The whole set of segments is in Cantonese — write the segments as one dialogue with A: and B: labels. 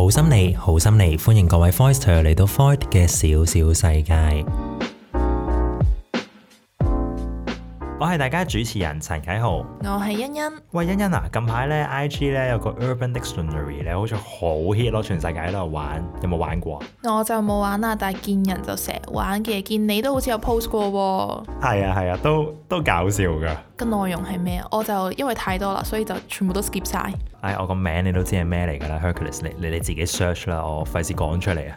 A: 好心理，好心理，歡迎各位 Voidster 嚟到 Void 嘅小小世界。我係大家主持人陳棨豪，
B: 我係欣欣。
A: 喂，欣欣啊，近排咧 IG 咧有個 Urban Dictionary 咧，好似好 hit 咯，全世界喺度玩，有冇玩過？
B: 我就冇玩啦，但係見人就成日玩嘅，見你都好似有 post 過。
A: 係啊係啊，都都搞笑噶。
B: 個內容係咩？我就因為太多啦，所以就全部都 skip 晒。
A: 唉，我個名你都知係咩嚟噶啦？Hercules 你你你自己 search 啦，我費事講出嚟啊。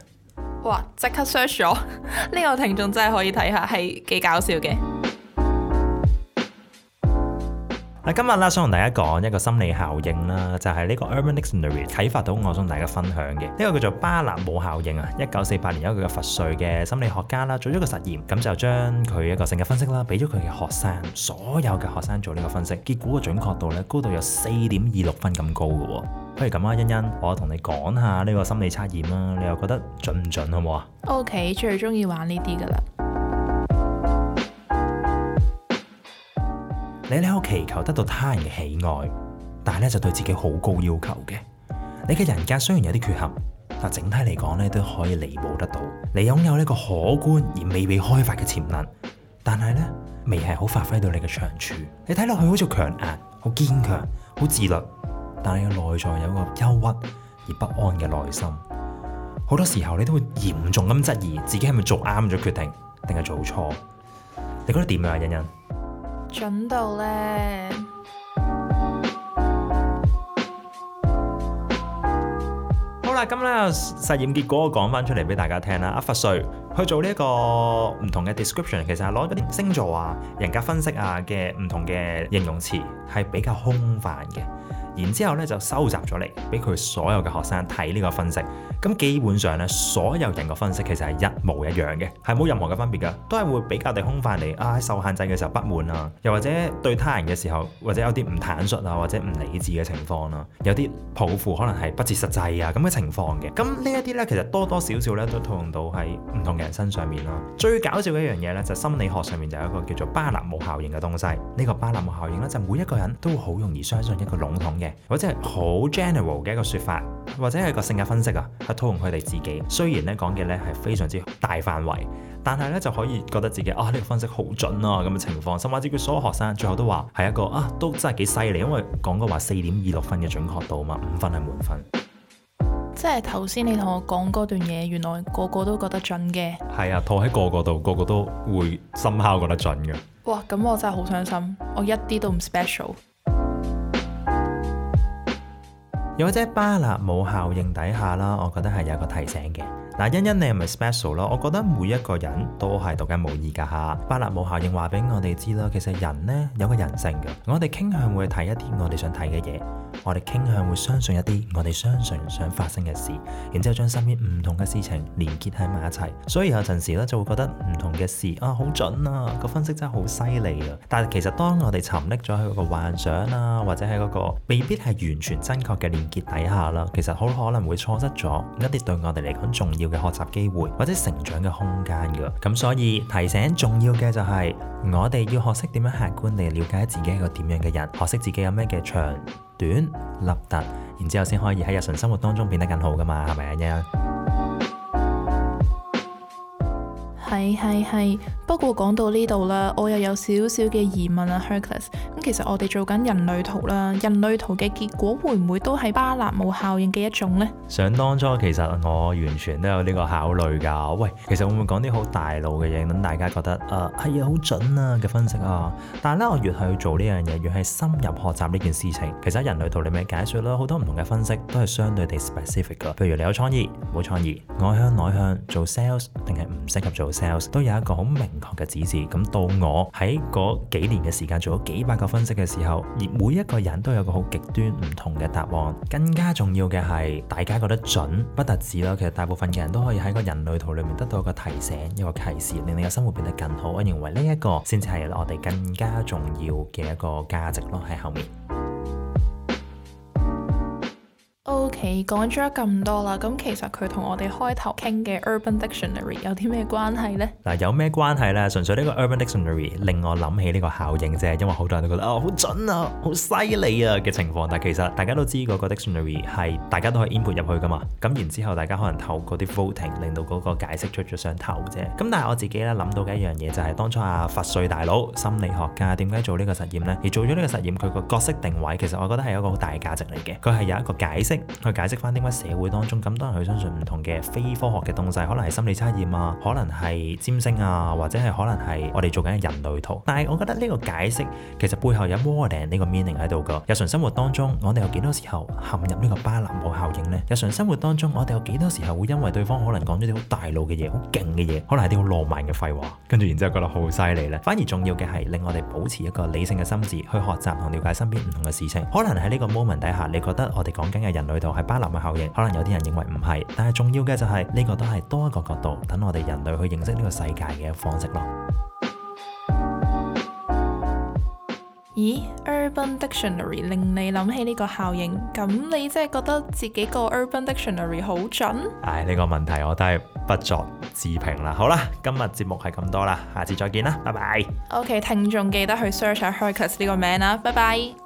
B: 哇，即刻 search 咗，呢 個聽眾真係可以睇下，係幾搞笑嘅。
A: 嗱，今日咧想同大家講一個心理效應啦，就係、是、呢個 Urban Dictionary 啟發到我，我想同大家分享嘅呢、這個叫做巴納姆效應啊。一九四八年有一個佛瑞嘅心理學家啦，做咗個實驗，咁就將佢一個性格分析啦，俾咗佢嘅學生，所有嘅學生做呢個分析，結果嘅準確度咧高到有四點二六分咁高嘅。不如咁啊，欣欣，我同你講下呢個心理測驗啦，你又覺得準唔準，好唔好
B: 啊？O K，最中意玩呢啲噶啦。
A: 你喺度祈求得到他人嘅喜愛，但係咧就對自己好高要求嘅。你嘅人格雖然有啲缺陷，但整體嚟講咧都可以彌補得到。你擁有呢個可觀而未被開發嘅潛能，但係咧未係好發揮到你嘅長處。你睇落去好似強硬、好堅強、好自律，但係你嘅內在有個憂鬱而不安嘅內心。好多時候你都會嚴重咁質疑自己係咪做啱咗決定，定係做錯？你覺得點樣啊，欣欣？
B: 準到咧，
A: 好啦，咁咧實驗結果我講翻出嚟俾大家聽啦。阿佛瑞去做呢一個唔同嘅 description，其實係攞一啲星座啊、人格分析啊嘅唔同嘅形容詞，係比較空泛嘅。然之後咧就收集咗嚟，俾佢所有嘅學生睇呢個分析。咁基本上咧，所有人嘅分析其實係一模一樣嘅，係冇任何嘅分別噶，都係會比較地空泛嚟。啊，受限制嘅時候不滿啊，又或者對他人嘅時候，或者有啲唔坦率啊，或者唔理智嘅情況啦、啊，有啲抱負可能係不切實際啊咁嘅情況嘅。咁呢一啲咧，其實多多少少咧都套用到喺唔同嘅人身上面咯。最搞笑嘅一樣嘢咧，就係、心理學上面就有一個叫做巴納姆效應嘅東西。呢、呢個巴納姆效應咧，就係、每一個人都好容易相信一個籠統。或者係好 general 嘅一個說法，或者係個性格分析啊，去套用佢哋自己。雖然咧講嘅咧係非常之大範圍，但係咧就可以覺得自己啊呢個分析好準咯咁嘅情況。甚至乎所有學生最後都話係一個啊都真係幾犀利，因為講過話四點二六分嘅準確度嘛，五分係滿分。
B: 即係頭先你同我講嗰段嘢，原來個個都覺得準嘅。
A: 係啊，套喺個個度，個個都會深刻覺得準嘅。
B: 哇，咁我真係好傷心，我一啲都唔 special。
A: 如果在巴納姆效應底下啦，我覺得係有個提醒嘅。嗱，欣欣你係咪 special 咯？我覺得每一個人都係獨一無二噶吓，巴納姆效應話俾我哋知啦。其實人咧有個人性嘅，我哋傾向會睇一啲我哋想睇嘅嘢，我哋傾向會相信一啲我哋相信想發生嘅事，然之後將身邊唔同嘅事情連結喺埋一齊，所以有陣時咧就會覺得唔同嘅事啊好準啊，個分析真係好犀利啊！但係其實當我哋沉溺咗喺個幻想啦，啊，或者喺嗰個未必係完全正確嘅連結底下啦，其實好可能會錯失咗一啲對我哋嚟講重要嘅學習機會或者成長嘅空間嘅，咁所以提醒重要嘅就係，我哋要學識點樣客觀地了解自己係一個點樣嘅人，學識自己有咩嘅長短凹凸，然之後先可以喺日常生活當中變得更好噶嘛，係咪咁樣？
B: 係係係，不過講到呢度啦，我又有少少嘅疑問啊，Hercules。其實我哋做緊人類圖啦，人類圖嘅結果會唔會都係巴納姆效應嘅一種呢？
A: 想當初其實我完全都有呢個考慮噶，喂，其實會唔會講啲好大路嘅嘢，等大家覺得誒係啊好準啊嘅分析啊？但係咧我越係去做呢樣嘢，越係深入學習呢件事情，其實人類圖裏面解說啦，好多唔同嘅分析都係相對地 specific 嘅，譬如你有創意冇創意，外向內向，做 sales 定係唔適合做 sales，都有一個好明確嘅指示。咁到我喺嗰幾年嘅時間做咗幾百個分。分析嘅時候，而每一個人都有個好極端唔同嘅答案。更加重要嘅係，大家覺得準不特止啦。其實大部分嘅人都可以喺個人類圖裏面得到一個提醒、一個提示，令你嘅生活變得更好。這我認為呢一個先至係我哋更加重要嘅一個價值咯，喺後面。
B: 講咗咁多啦，咁其實佢同我哋開頭傾嘅 Urban Dictionary 有啲咩關係呢？
A: 嗱，有咩關係呢？純粹呢個 Urban Dictionary 令我諗起呢個效應啫，因為好多人都覺得啊，好準啊，好犀利啊嘅情況。但係其實大家都知嗰個 dictionary 係大家都可以 input 入去噶嘛。咁然之後，大家可能透過啲 voting 令到嗰個解釋出咗上頭啫。咁但係我自己咧諗到嘅一樣嘢就係當初阿佛瑞大佬心理學家點解做呢個實驗呢？而做咗呢個實驗，佢個角色定位其實我覺得係一個好大價值嚟嘅。佢係有一個解釋。解釋翻點解社會當中咁多人去相信唔同嘅非科學嘅東西，可能係心理測驗啊，可能係占星啊，或者係可能係我哋做緊嘅人類圖。但係我覺得呢個解釋其實背後有 warning 呢個 meaning 喺度噶。日常生活當中，我哋有幾多時候陷入呢個巴納姆效應呢？日常生活當中，我哋有幾多時候會因為對方可能講咗啲好大路嘅嘢、好勁嘅嘢，可能係啲好浪漫嘅廢話，跟住然之後覺得好犀利呢。反而重要嘅係令我哋保持一個理性嘅心智去學習同了解身邊唔同嘅事情。可能喺呢個 moment 底下，你覺得我哋講緊嘅人類圖巴納姆效應，可能有啲人認為唔係，但係重要嘅就係呢個都係多一個角度，等我哋人類去認識呢個世界嘅方式咯。
B: 咦，Urban Dictionary 令你諗起呢個效應，咁你真係覺得自己個 Urban Dictionary 好準？
A: 唉，呢個問題我都係不作置評啦。好啦，今日節目係咁多啦，下次再見啦，拜拜。
B: OK，聽眾記得去 search 下 Hercules 呢個名啦，拜拜。